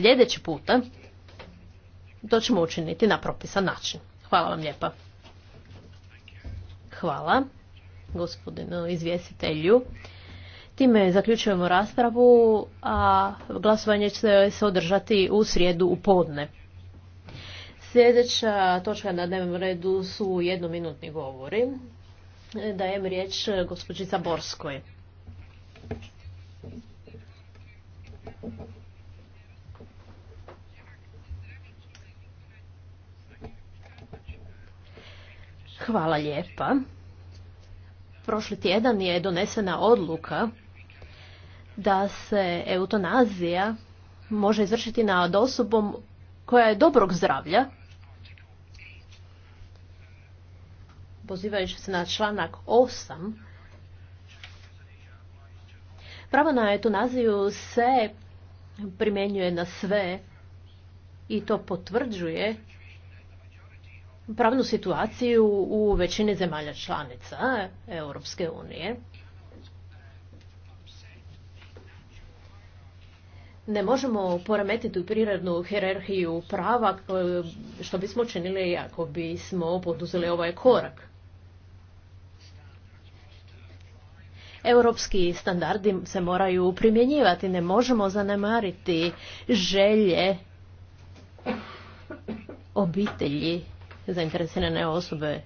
sljedeći puta to ćemo učiniti na propisan način. Hvala vam lijepa. Hvala gospodinu izvjestitelju. Time zaključujemo raspravu, a glasovanje će se održati u srijedu u podne. Sljedeća točka na dnevnom redu su jednominutni govori. Dajem riječ gospođi Borskoj. Hvala lijepa. Prošli tjedan je donesena odluka da se eutanazija može izvršiti nad osobom koja je dobrog zdravlja, pozivajući se na članak 8, pravo na eutanaziju se primjenjuje na sve i to potvrđuje pravnu situaciju u većini zemalja članica Europske unije. Ne možemo poremetiti prirodnu hierarhiju prava eh, što bismo činili ako bismo poduzeli ovaj korak. Europski standardi se moraju primjenjivati, ne možemo zanemariti želje obitelji zainteresirane osobe.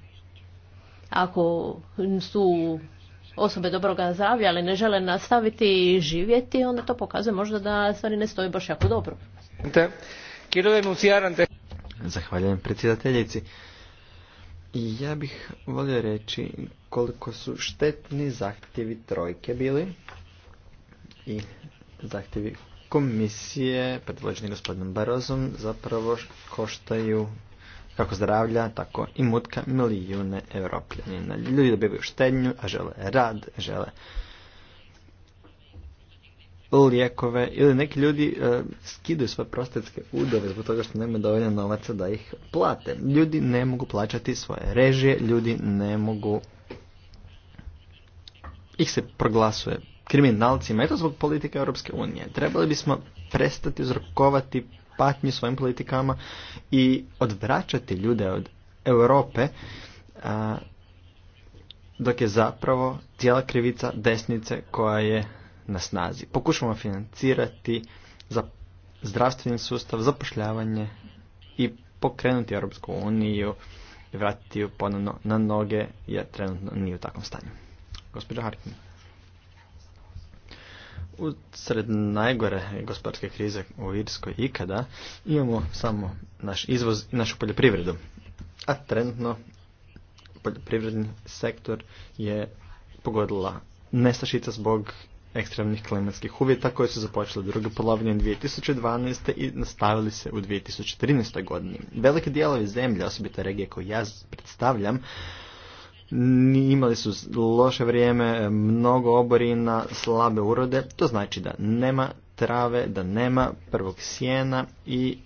Ako su osobe dobroga zdravlja, ali ne žele nastaviti živjeti, onda to pokazuje možda da stvari ne stoje baš jako dobro. Zahvaljujem predsjedateljici. Ja bih volio reći koliko su štetni zahtjevi trojke bili i zahtjevi komisije predvođeni gospodinom Barozom zapravo koštaju kako zdravlja, tako i mutka milijune europljanina. Ljudi dobivaju štenju, a žele rad, žele lijekove ili neki ljudi skiduju e, skidaju svoje prostetske udove zbog toga što nema dovoljno novaca da ih plate. Ljudi ne mogu plaćati svoje režije, ljudi ne mogu ih se proglasuje kriminalcima i to zbog politike Europske unije. Trebali bismo prestati uzrokovati patnju svojim politikama i odvraćati ljude od Europe dok je zapravo cijela krivica desnice koja je na snazi. Pokušamo financirati za zdravstveni sustav, zapošljavanje i pokrenuti Europsku uniju i vratiti ju ponovno na noge jer trenutno nije u takvom stanju. Gospođa Harkin. U sred najgore gospodarske krize u Irskoj ikada imamo samo naš izvoz i našu poljoprivredu. A trenutno poljoprivredni sektor je pogodila nestašica zbog ekstremnih klimatskih uvjeta koje su započele drugoj polovini 2012. i nastavili se u 2013. godini. Velike dijelovi zemlje, osobito regije koje ja predstavljam, imali su loše vrijeme, e, mnogo oborina, slabe urode, to znači da nema trave, da nema prvog sjena i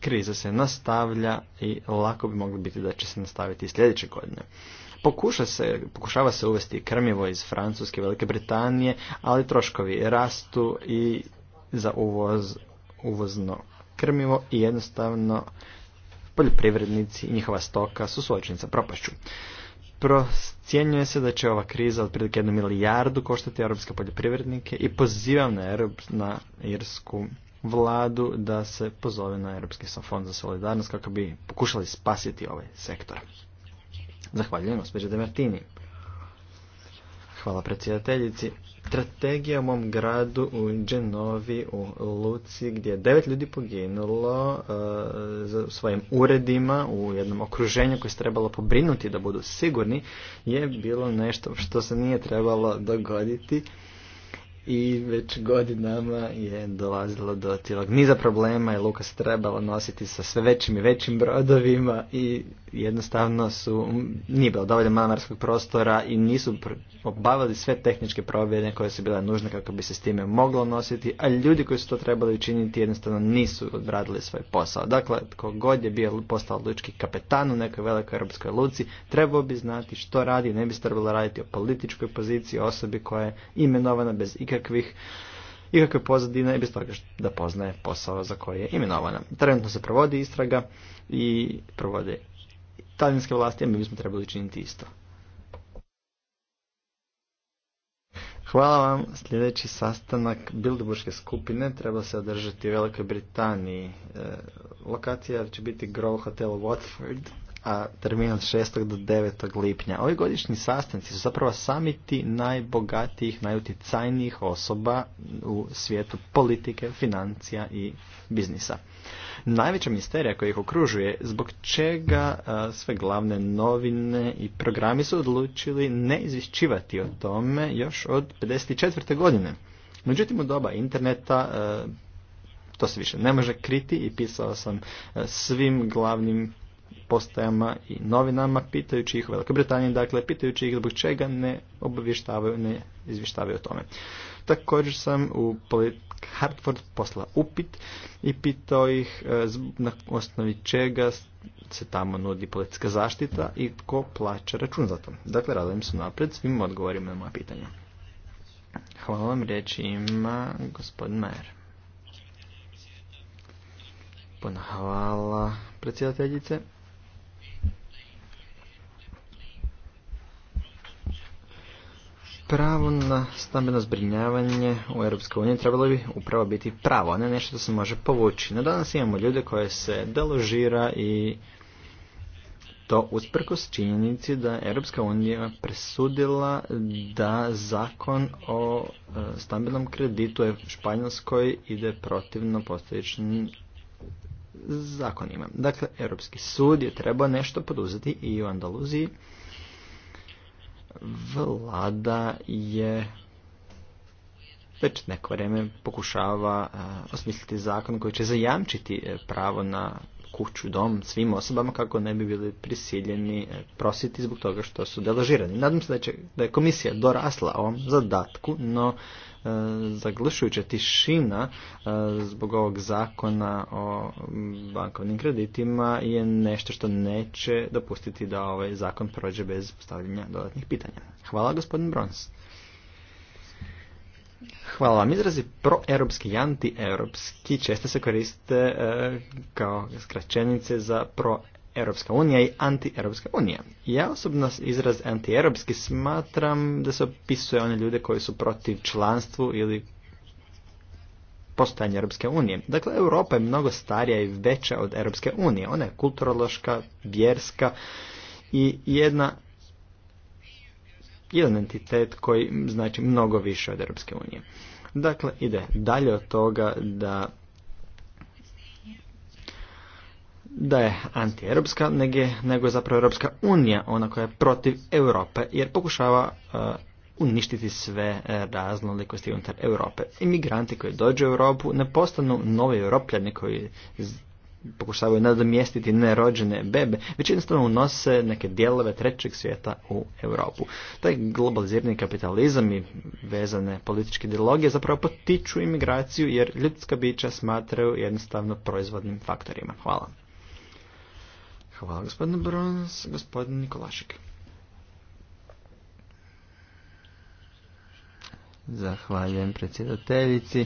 kriza se nastavlja i lako bi moglo biti da će se nastaviti i sljedeće godine. Pokuša se, pokušava se uvesti krmivo iz Francuske, Velike Britanije, ali troškovi rastu i za uvoz, uvozno krmivo i jednostavno poljoprivrednici i njihova stoka su suočnica sa propašću. Procjenjuje se da će ova kriza otprilike jednu milijardu koštati europske poljoprivrednike i pozivam na, na irsku vladu da se pozove na Europski fond za solidarnost kako bi pokušali spasiti ovaj sektor. Zahvaljujem gospođe Hvala predsjedateljici strategija u mom gradu u Genovi, u Luci, gdje je devet ljudi poginulo uh za svojim uredima u jednom okruženju koje se trebalo pobrinuti da budu sigurni, je bilo nešto što se nije trebalo dogoditi i već godinama je dolazilo do tijelog niza problema i Luka se trebala nositi sa sve većim i većim brodovima i jednostavno su, nije bilo dovoljno manarskog prostora i nisu obavili sve tehničke provjere koje su bile nužne kako bi se s time moglo nositi, a ljudi koji su to trebali učiniti jednostavno nisu odradili svoj posao. Dakle, tko god je bio postao lučki kapetan u nekoj velikoj europskoj luci, trebao bi znati što radi, ne bi se trebalo raditi o političkoj poziciji osobi koja je imenovana bez ikakve nikakvih ikakve pozadine i bez toga da poznaje posao za koje je imenovana. Trenutno se provodi istraga i provode talijanske vlasti, a mi bismo trebali činiti isto. Hvala vam. Sljedeći sastanak Bilderburgske skupine treba se održati u Velikoj Britaniji. E, lokacija će biti Grove Hotel Watford a termin od 6. do 9. lipnja. Ovi godišnji sastanci su zapravo samiti najbogatijih, najuticajnijih osoba u svijetu politike, financija i biznisa. Najveća misterija koja ih okružuje zbog čega sve glavne novine i programi su odlučili ne izvješćivati o tome još od 54. godine. Međutim, u doba interneta to se više ne može kriti i pisao sam svim glavnim postajama i novinama, pitajući ih u Velikoj Britaniji, dakle, pitajući ih zbog čega ne obavještavaju, ne izvještavaju o tome. Također sam u Hartford posla upit i pitao ih e, na osnovi čega se tamo nudi policijska zaštita i tko plaća račun za to. Dakle, radim se napred, svim odgovorima na moja pitanja. Hvala vam, riječ ima gospodin Majer. hvala, predsjedateljice. Pravo na stambeno zbrinjavanje u EU trebalo bi upravo biti pravo, a ne nešto da se može povući. No danas imamo ljude koje se deložira i to usprkos činjenici da je Europska unija presudila da zakon o e, stambenom kreditu je Španjolskoj ide protivno postojećim zakonima. Dakle, Europski sud je trebao nešto poduzeti i u Andaluziji vlada je već neko vrijeme pokušava e, osmisliti zakon koji će zajamčiti e, pravo na kuću, dom svim osobama kako ne bi bili prisiljeni e, prositi zbog toga što su deložirani. Nadam se da, da je komisija dorasla ovom zadatku, no E, zaglušujuća tišina e, zbog ovog zakona o bankovnim kreditima je nešto što neće dopustiti da ovaj zakon prođe bez postavljanja dodatnih pitanja. Hvala gospodin Brons. Hvala vam. Izrazi proeuropski i antieuropski često se koriste e, kao skraćenice za pro Europska unija i anti-Europska unija. Ja osobno izraz anti smatram da se opisuje one ljude koji su protiv članstvu ili postojanja Europske unije. Dakle, Europa je mnogo starija i veća od Europske unije. Ona je kulturološka, vjerska i jedna jedan entitet koji znači mnogo više od Europske unije. Dakle, ide dalje od toga da da je anti antieuropska nego je zapravo Europska unija ona koja je protiv Europe jer pokušava uh, uništiti sve uh, raznolikosti unutar Europe. Imigranti koji dođu u Europu ne postanu novi europljani koji pokušavaju nadomjestiti nerođene bebe, već jednostavno unose neke dijelove trećeg svijeta u Europu. Taj globalizirani kapitalizam i vezane političke ideologije zapravo potiču imigraciju jer ljudska bića smatraju jednostavno proizvodnim faktorima. Hvala. Hvala gospodine Brons, gospodin Nikolašik. Zahvaljujem predsjedateljici.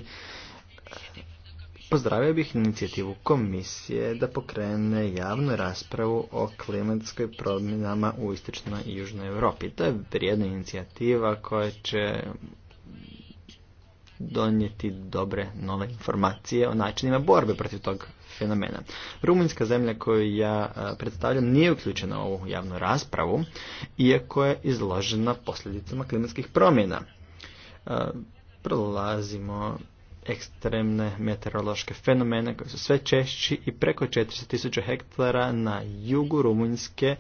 Pozdravio bih inicijativu komisije da pokrene javnu raspravu o klimatskoj promjenama u istočnoj i južnoj Europi. To je vrijedna inicijativa koja će donijeti dobre nove informacije o načinima borbe protiv tog fenomena. Rumunjska zemlja koju ja e, predstavljam nije uključena u ovu javnu raspravu, iako je izložena posljedicama klimatskih promjena. E, prolazimo ekstremne meteorološke fenomene koji su sve češći i preko 400.000 hektara na jugu Rumunjske e,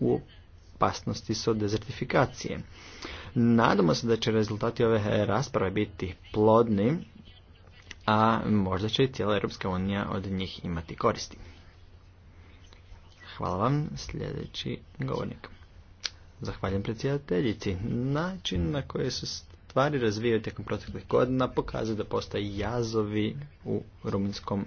u opasnosti su od dezertifikacije. Nadamo se da će rezultati ove rasprave biti plodni a možda će i cijela Europska unija od njih imati koristi. Hvala vam, sljedeći govornik. Zahvaljujem predsjedateljici. Način na koji se stvari razvijaju tijekom proteklih godina pokazuje da postoje jazovi u rumunjskom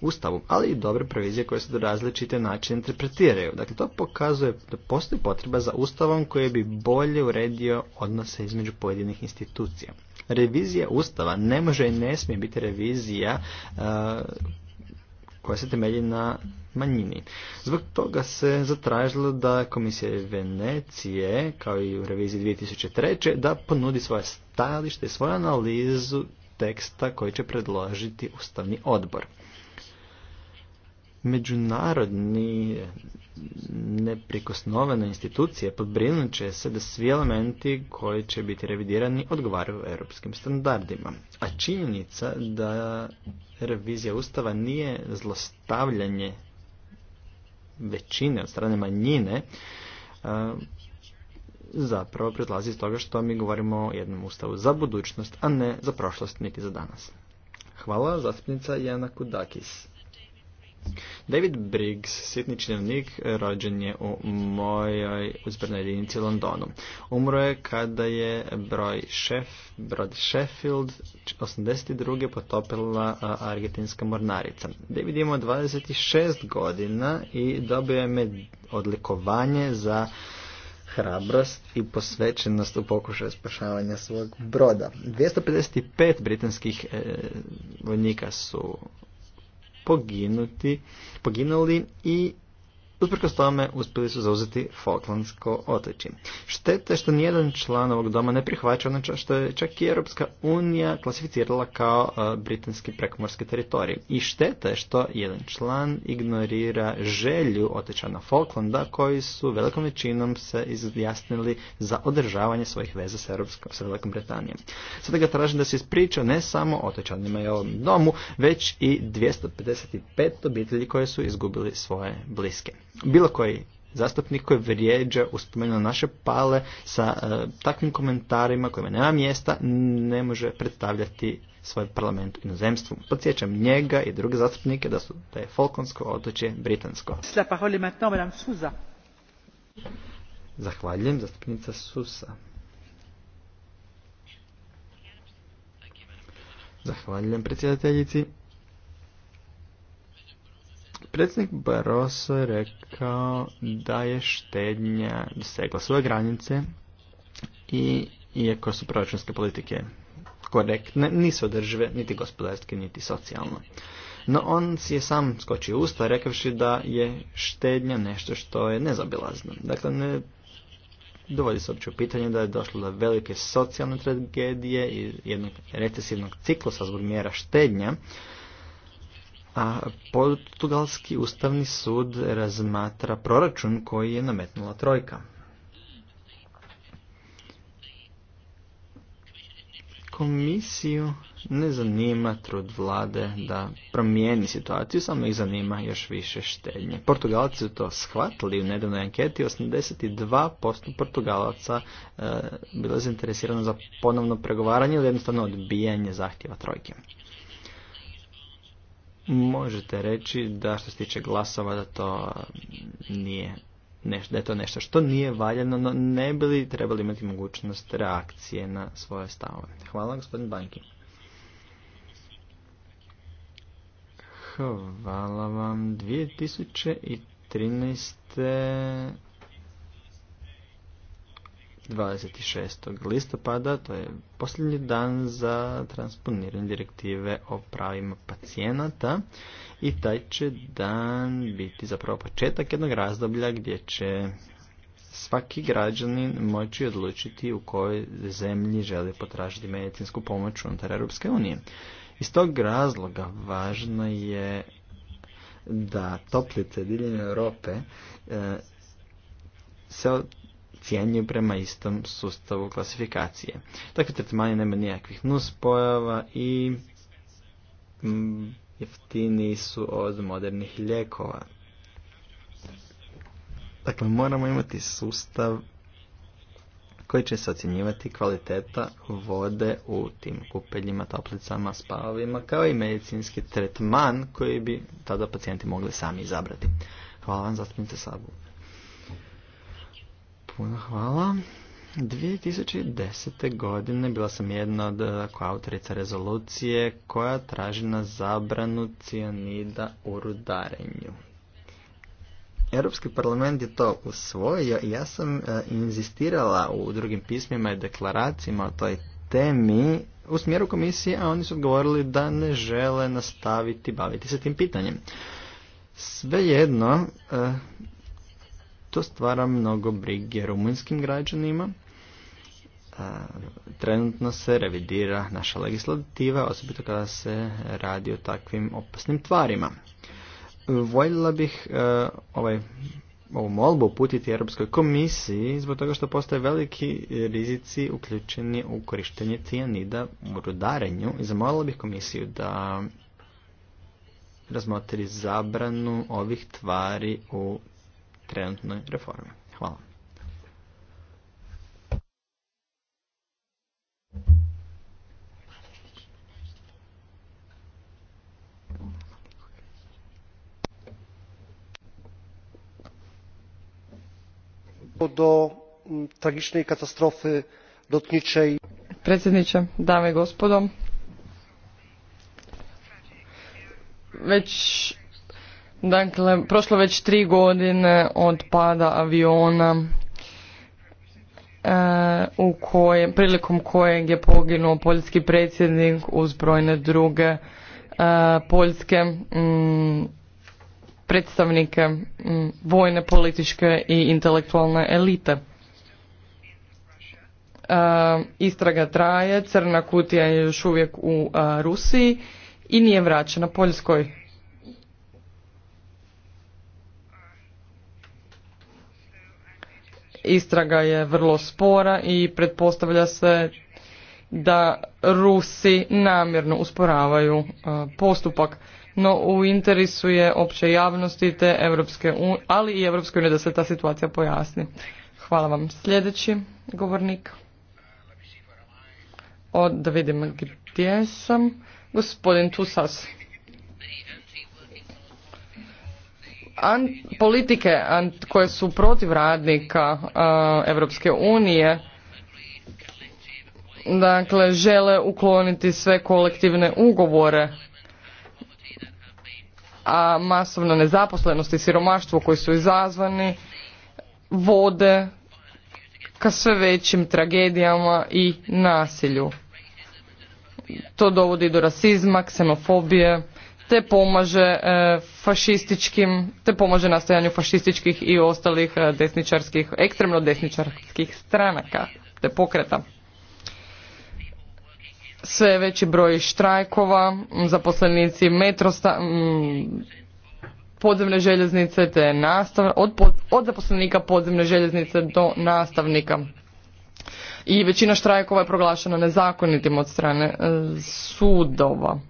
ustavu, ali i dobre provizije koje se do različite načine interpretiraju. Dakle, to pokazuje da postoji potreba za ustavom koji bi bolje uredio odnose između pojedinih institucija revizija Ustava ne može i ne smije biti revizija koja se temelji na manjini. Zbog toga se zatražilo da Komisija Venecije, kao i u reviziji 2003. da ponudi svoje stajalište i svoju analizu teksta koji će predložiti Ustavni odbor. Međunarodni neprikosnovene institucije podbrinut će se da svi elementi koji će biti revidirani odgovaraju europskim standardima. A činjenica da revizija Ustava nije zlostavljanje većine od strane manjine zapravo predlazi iz toga što mi govorimo o jednom ustavu za budućnost, a ne za prošlost niti za danas. Hvala, zastupnica Jana Kudakis. David Briggs, sitni činovnik, rođen je u mojoj uzbrnoj jedinici Londonu. Umro je kada je broj šef, brod Sheffield 82. potopila argentinska mornarica. David je imao 26 godina i dobio je odlikovanje za hrabrost i posvećenost u pokušaju spašavanja svog broda. 255 britanskih e, vojnika su poginuti, poginuli i Usprkos tome uspjeli su zauzeti Falklandsko otočje. Štete što nijedan član ovog doma ne prihvaća ono što je čak i Europska unija klasificirala kao e, britanski prekomorski teritorij. I šteta što jedan član ignorira želju otočana Falklanda koji su velikom većinom se izjasnili za održavanje svojih veza s Europskom, Velikom Britanijom. Sada ga tražim da se ispriča ne samo otečanima i ovom domu, već i 255 obitelji koje su izgubili svoje bliske bilo koji zastupnik koji vrijeđa uspomenu naše pale sa e, takvim komentarima kojima nema mjesta ne može predstavljati svoj parlament u inozemstvu. Podsjećam njega i druge zastupnike da su je Falkonsko otočje britansko. Zahvaljujem zastupnica Susa. Zahvaljujem predsjedateljici. Predsjednik Barroso rekao da je štednja dosegla svoje granice i iako su proračunske politike korektne, nisu održive niti gospodarske niti socijalno. No on si je sam skočio usta rekavši da je štednja nešto što je nezabilazno. Dakle, ne dovodi se uopće u pitanje da je došlo do velike socijalne tragedije i jednog recesivnog ciklusa zbog mjera štednja, a Portugalski ustavni sud razmatra proračun koji je nametnula trojka. Komisiju ne zanima trud vlade da promijeni situaciju, samo ih zanima još više štednje. Portugalci su to shvatili u nedavnoj anketi, 82% Portugalaca e, bilo zainteresirano za ponovno pregovaranje ili jednostavno odbijanje zahtjeva trojke možete reći da što se tiče glasova da to nije nešto, je to nešto što nije valjano, no ne bi trebali imati mogućnost reakcije na svoje stavove. Hvala gospodin Banki. Hvala vam. 2013. 26. listopada, to je posljednji dan za transponiranje direktive o pravima pacijenata i taj će dan biti zapravo početak jednog razdoblja gdje će svaki građanin moći odlučiti u kojoj zemlji želi potražiti medicinsku pomoć unutar Europske unije. Iz tog razloga važno je da toplice diljem Europe eh, se cijenju prema istom sustavu klasifikacije. Takvi tretmani nema nijakvih nuspojava i mm, jeftini su od modernih ljekova. Dakle, moramo imati sustav koji će se ocjenjivati kvaliteta vode u tim kupeljima, toplicama, spavovima, kao i medicinski tretman koji bi tada pacijenti mogli sami izabrati. Hvala vam, zastupnice Sabu. Puno hvala. 2010. godine bila sam jedna od eh, autorica rezolucije koja traži na zabranu cijanida u rudarenju. Europski parlament je to usvojio i ja sam e, inzistirala u drugim pismima i deklaracijama o toj temi u smjeru komisije, a oni su odgovorili da ne žele nastaviti baviti se tim pitanjem. Svejedno, eh, to stvara mnogo brige rumunjskim građanima. E, trenutno se revidira naša legislativa, osobito kada se radi o takvim opasnim tvarima. Voljela bih e, ovaj ovu molbu uputiti Europskoj komisiji zbog toga što postoje veliki rizici uključeni u korištenje cijanida u rudarenju i zamolila bih komisiju da razmotri zabranu ovih tvari u trenutnoj reformi. Hvala. do tragične katastrofe lotničej. Predsjedniče, dame i gospodo, već Dakle, prošlo već tri godine od pada aviona e, u koje, prilikom kojeg je poginuo poljski predsjednik uz brojne druge e, poljske m, mm, predstavnike mm, vojne, političke i intelektualne elite. E, istraga traje, crna kutija je još uvijek u e, Rusiji i nije vraćena Poljskoj. Istraga je vrlo spora i pretpostavlja se da Rusi namjerno usporavaju e, postupak. No u interesu je opće javnosti te Evropske unije, ali i Evropske unije da se ta situacija pojasni. Hvala vam. Sljedeći govornik. Od, da vidim gdje sam. Gospodin Tusas. an, politike koje su protiv radnika Europske unije dakle žele ukloniti sve kolektivne ugovore a masovna nezaposlenost i siromaštvo koji su izazvani vode ka sve većim tragedijama i nasilju. To dovodi do rasizma, ksenofobije te pomaže e, fašističkim, te pomaže nastajanju fašističkih i ostalih e, desničarskih, ekstremno desničarskih stranaka te pokreta. Sve veći broj štrajkova, zaposlenici metrosta, podzemne željeznice te nastav, od zaposlenika podzemne željeznice do nastavnika. I većina štrajkova je proglašena nezakonitim od strane e, sudova.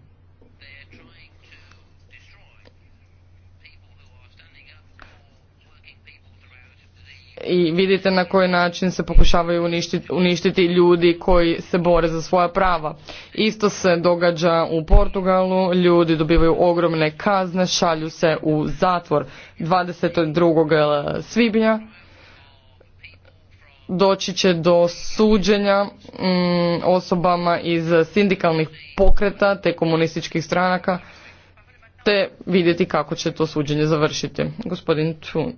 i vidite na koji način se pokušavaju uništiti, uništiti ljudi koji se bore za svoja prava. Isto se događa u Portugalu, ljudi dobivaju ogromne kazne, šalju se u zatvor 22. Eh, svibnja. Doći će do suđenja mm, osobama iz sindikalnih pokreta te komunističkih stranaka te vidjeti kako će to suđenje završiti. Gospodin Tun.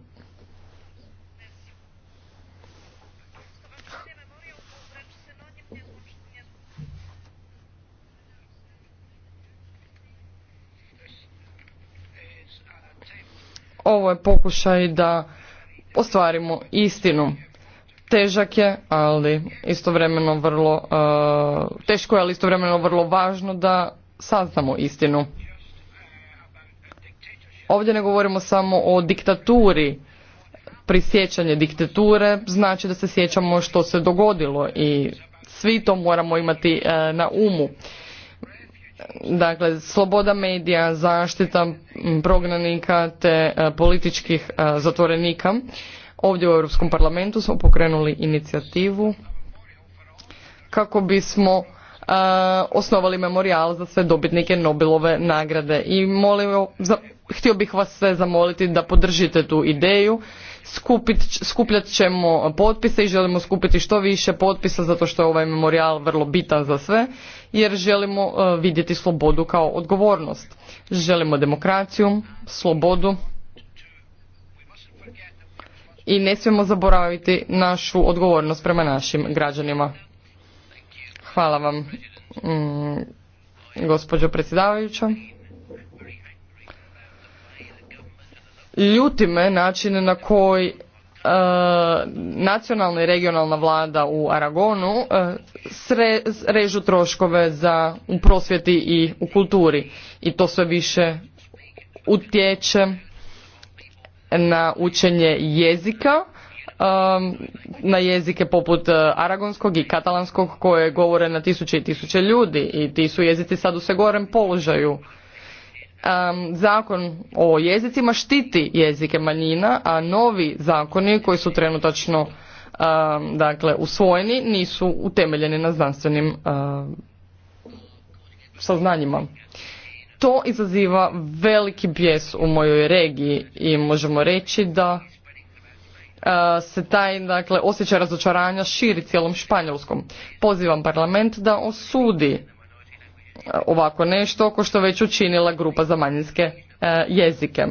Ovo je pokušaj da ostvarimo istinu. Težak je, ali istovremeno vrlo, uh, teško je, ali istovremeno vrlo važno da saznamo istinu. Ovdje ne govorimo samo o diktaturi. Prisjećanje diktature znači da se sjećamo što se dogodilo i svi to moramo imati uh, na umu dakle sloboda medija, zaštita prognanika te e, političkih e, zatvorenika. Ovdje u Europskom parlamentu smo pokrenuli inicijativu kako bismo e, osnovali memorial za sve dobitnike Nobelove nagrade i molim za, htio bih vas sve zamoliti da podržite tu ideju. skupljat ćemo potpise i želimo skupiti što više potpisa zato što je ovaj memorial vrlo bitan za sve jer želimo e, vidjeti slobodu kao odgovornost. Želimo demokraciju, slobodu i ne smijemo zaboraviti našu odgovornost prema našim građanima. Hvala vam, mm, gospođo predsjedavajuća. Ljuti me način na koji E, nacionalna i regionalna vlada u Aragonu e, sre, režu troškove za u prosvjeti i u kulturi i to sve više utječe na učenje jezika e, na jezike poput aragonskog i katalanskog koje govore na tisuće i tisuće ljudi i ti su jezici sad u sve gorem položaju um, zakon o jezicima štiti jezike manjina, a novi zakoni koji su trenutačno dakle, usvojeni nisu utemeljeni na znanstvenim saznanjima. To izaziva veliki bijes u mojoj regiji i možemo reći da e, se taj dakle, osjećaj razočaranja širi cijelom Španjolskom. Pozivam parlament da osudi ovako nešto ko što već učinila grupa za manjinske e, jezike.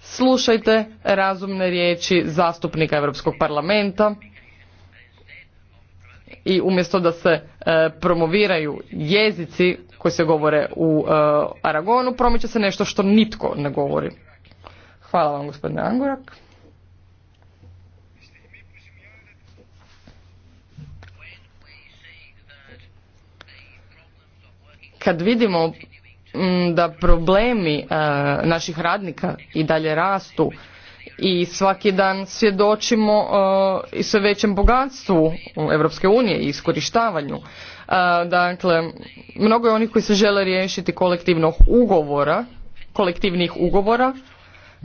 Slušajte razumne riječi zastupnika Europskog parlamenta i umjesto da se e, promoviraju jezici koji se govore u e, Aragonu, promiče se nešto što nitko ne govori. Hvala vam gospodine Angorak. kad vidimo mm, da problemi e, naših radnika i dalje rastu i svaki dan svjedočimo e, i sve većem bogatstvu Europske unije i iskorištavanju. E, dakle, mnogo je onih koji se žele riješiti kolektivnog ugovora, kolektivnih ugovora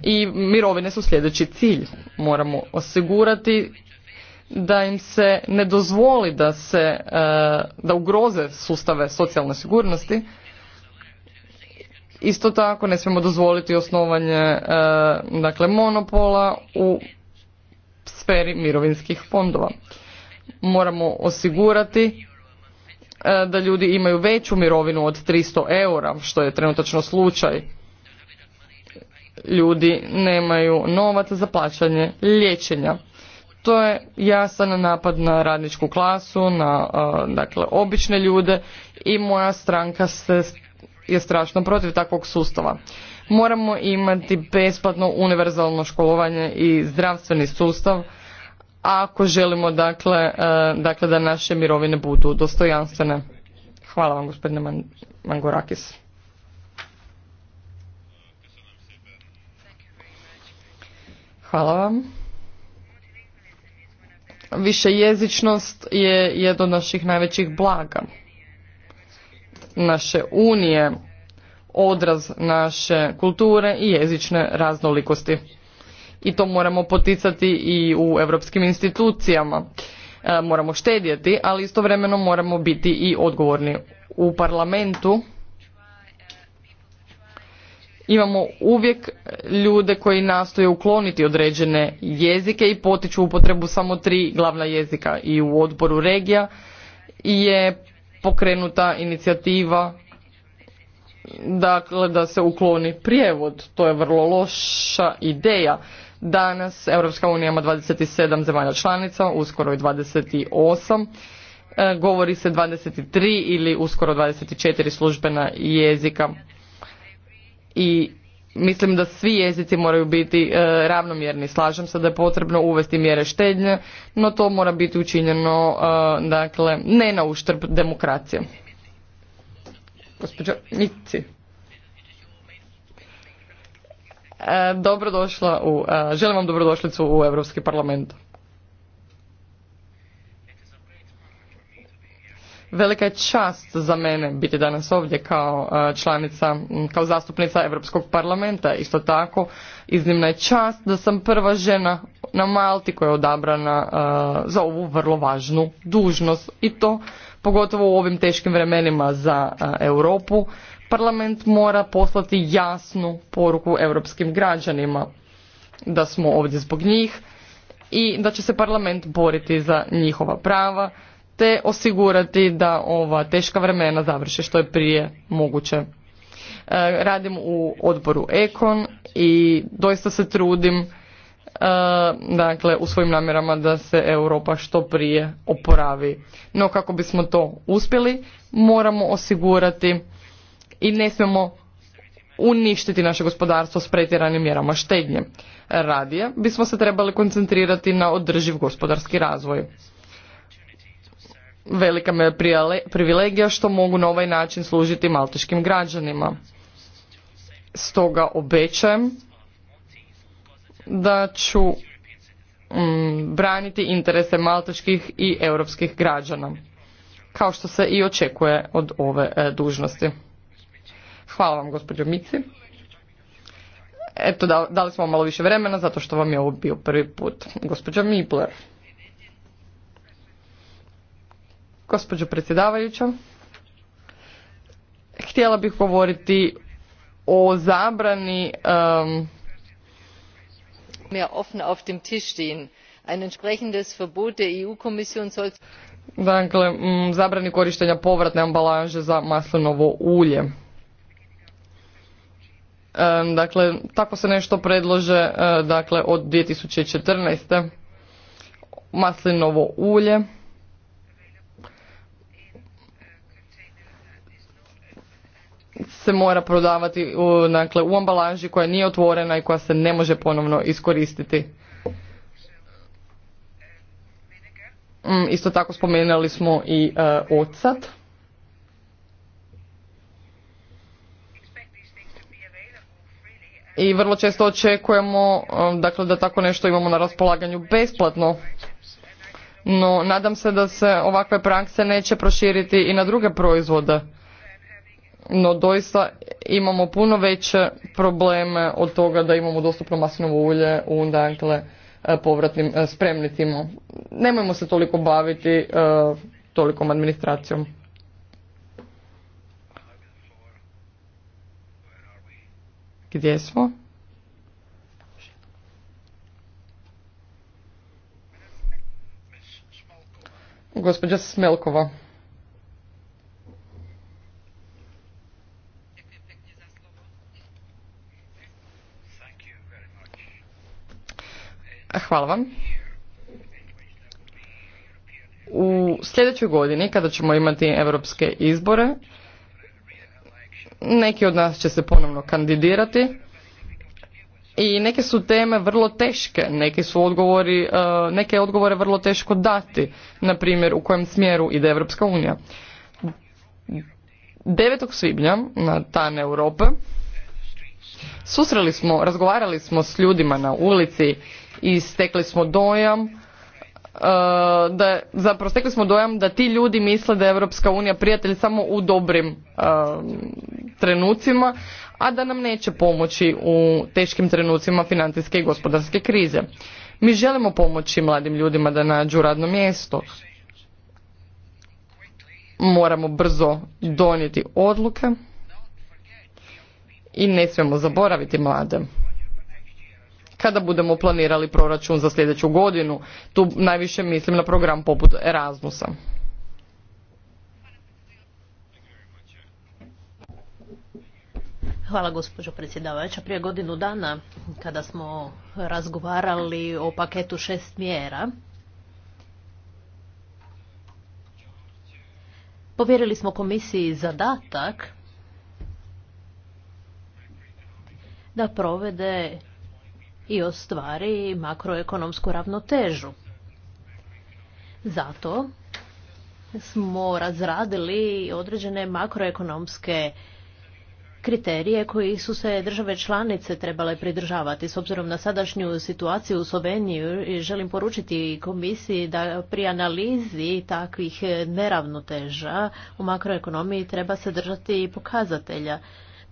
i mirovine su sljedeći cilj. Moramo osigurati da im se ne dozvoli da se e, da ugroze sustave socijalne sigurnosti isto tako ne smijemo dozvoliti osnovanje e, dakle monopola u sferi mirovinskih fondova moramo osigurati e, da ljudi imaju veću mirovinu od 300 eura što je trenutačno slučaj ljudi nemaju novaca za plaćanje liječenja to je jasan napad na radničku klasu, na dakle, obične ljude i moja stranka se, je strašno protiv takvog sustava. Moramo imati besplatno univerzalno školovanje i zdravstveni sustav ako želimo dakle, dakle da naše mirovine budu dostojanstvene. Hvala vam gospodine Mangorakis. Hvala vam. Višejezičnost je jedno od naših najvećih blaga. Naše unije, odraz naše kulture i jezične raznolikosti. I to moramo poticati i u europskim institucijama. E, moramo štedjeti, ali istovremeno moramo biti i odgovorni. U parlamentu imamo uvijek ljude koji nastoje ukloniti određene jezike i potiču upotrebu samo tri glavna jezika i u odboru regija je pokrenuta inicijativa dakle da se ukloni prijevod to je vrlo loša ideja danas Europska unija ima 27 zemalja članica uskoro i 28 e, govori se 23 ili uskoro 24 službena jezika i mislim da svi jezici moraju biti e, ravnomjerni. Slažem se da je potrebno uvesti mjere štednje, no to mora biti učinjeno e, dakle, ne na uštrb demokracije. E, dobrodošla u, želim vam dobrodošlicu u Europski parlament. Velika je čast za mene biti danas ovdje kao e, članica, kao zastupnica Europskog parlamenta. Isto tako, iznimna je čast da sam prva žena na Malti koja je odabrana e, za ovu vrlo važnu dužnost. I to pogotovo u ovim teškim vremenima za e, Europu. Parlament mora poslati jasnu poruku europskim građanima da smo ovdje zbog njih i da će se parlament boriti za njihova prava te osigurati da ova teška vremena završe što je prije moguće. E, radim u odboru Ekon i doista se trudim e, dakle u svojim namjerama da se Europa što prije oporavi. No kako bismo to uspjeli moramo osigurati i ne smijemo uništiti naše gospodarstvo s pretjeranim mjerama štednje. Radije bismo se trebali koncentrirati na održiv gospodarski razvoj velika me privilegija što mogu na ovaj način služiti malteškim građanima. Stoga obećajem da ću mm, braniti interese malteških i europskih građana, kao što se i očekuje od ove e, dužnosti. Hvala vam, gospođo Mici. Eto, dali smo malo više vremena, zato što vam je ovo bio prvi put. Gospođa Mipler. Gospođo predsjedavajuća, htjela bih govoriti o zabrani um, mehr offen auf dem Tisch stehen. Ein entsprechendes Verbot der EU-Kommission soll Dakle, m, mm, zabrani korištenja povratne ambalaže za maslinovo ulje. E, dakle, tako se nešto predlože e, dakle, od 2014. Maslinovo ulje. se mora prodavati u, dakle, u ambalaži koja nije otvorena i koja se ne može ponovno iskoristiti. Mm, isto tako spomenuli smo i uh, odsad. I vrlo često očekujemo e, dakle, da tako nešto imamo na raspolaganju besplatno. No, nadam se da se ovakve prakse neće proširiti i na druge proizvode no doista imamo puno veće probleme od toga da imamo dostupno maslinovo ulje u dakle povratnim e, spremnicima. Nemojmo se toliko baviti e, tolikom administracijom. Gdje smo? Gospođa Smelkova. Hvala vam. U sljedećoj godini, kada ćemo imati europske izbore, neki od nas će se ponovno kandidirati i neke su teme vrlo teške, neke su odgovori, e, neke odgovore vrlo teško dati, na primjer u kojem smjeru ide Evropska unija. 9. svibnja na Tan Europe susreli smo, razgovarali smo s ljudima na ulici i stekli smo dojam e, da zapravo stekli smo dojam da ti ljudi misle da je Europska unija prijatelj samo u dobrim e, trenucima, a da nam neće pomoći u teškim trenucima financijske i gospodarske krize. Mi želimo pomoći mladim ljudima da nađu radno mjesto. Moramo brzo donijeti odluke i ne smijemo zaboraviti mlade kada budemo planirali proračun za sljedeću godinu. Tu najviše mislim na program poput Erasmusa. Hvala gospođo predsjedavajuća. Prije godinu dana kada smo razgovarali o paketu šest mjera, povjerili smo komisiji zadatak da provede i ostvari makroekonomsku ravnotežu. Zato smo razradili određene makroekonomske kriterije koji su se države članice trebale pridržavati. S obzirom na sadašnju situaciju u Sloveniji želim poručiti komisiji da pri analizi takvih neravnoteža u makroekonomiji treba se držati pokazatelja.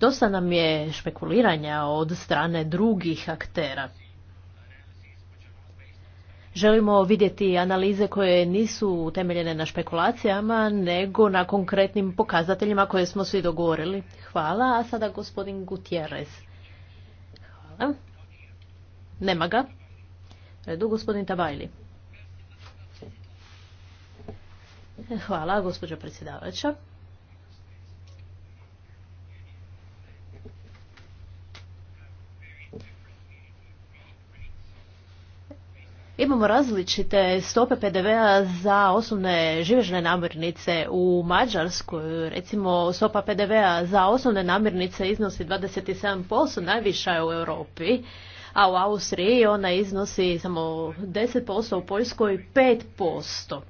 Dosta nam je špekuliranja od strane drugih aktera. Želimo vidjeti analize koje nisu utemeljene na špekulacijama, nego na konkretnim pokazateljima koje smo svi dogovorili. Hvala, a sada gospodin Gutierrez. Hvala. Nema ga. Redu gospodin Tabajli. Hvala, gospođo predsjedavača. Imamo različite stope PDV-a za osnovne živežne namirnice u Mađarskoj. Recimo stopa PDV-a za osnovne namirnice iznosi 27%, najviša je u Europi, a u Austriji ona iznosi samo 10%, u Poljskoj 5%.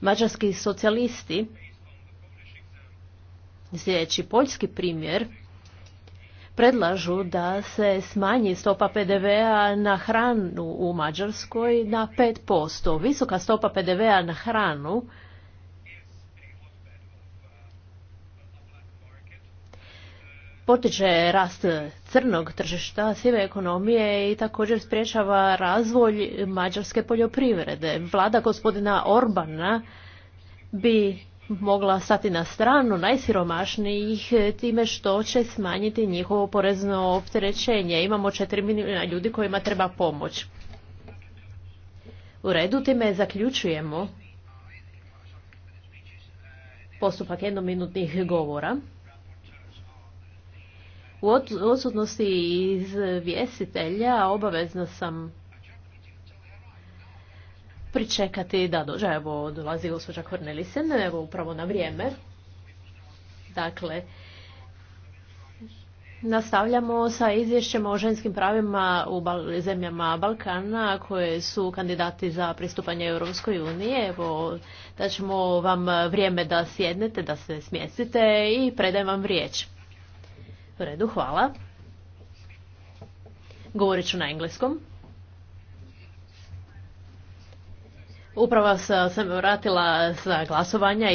Mađarski socijalisti, sljedeći poljski primjer, predlažu da se smanji stopa PDV-a na hranu u Mađarskoj na 5%. Visoka stopa PDV-a na hranu potiče rast crnog tržišta, sive ekonomije i također spriječava razvoj mađarske poljoprivrede. Vlada gospodina Orbana bi mogla stati na stranu najsiromašnijih e, time što će smanjiti njihovo porezno opterećenje. Imamo četiri milijuna ljudi kojima treba pomoć. U redu time zaključujemo postupak jednominutnih govora. U odsutnosti izvjestitelja obavezna sam pričekati da dođe. Evo, dolazi gospođa Kornelisen, evo, upravo na vrijeme. Dakle, Nastavljamo sa izvješćem o ženskim pravima u zemljama Balkana koje su kandidati za pristupanje Europskoj uniji. Evo, da ćemo vam vrijeme da sjednete, da se smjestite i predajem vam riječ. U redu, hvala. Govorit ću na engleskom. Upravo sam se vratila sa glasovanja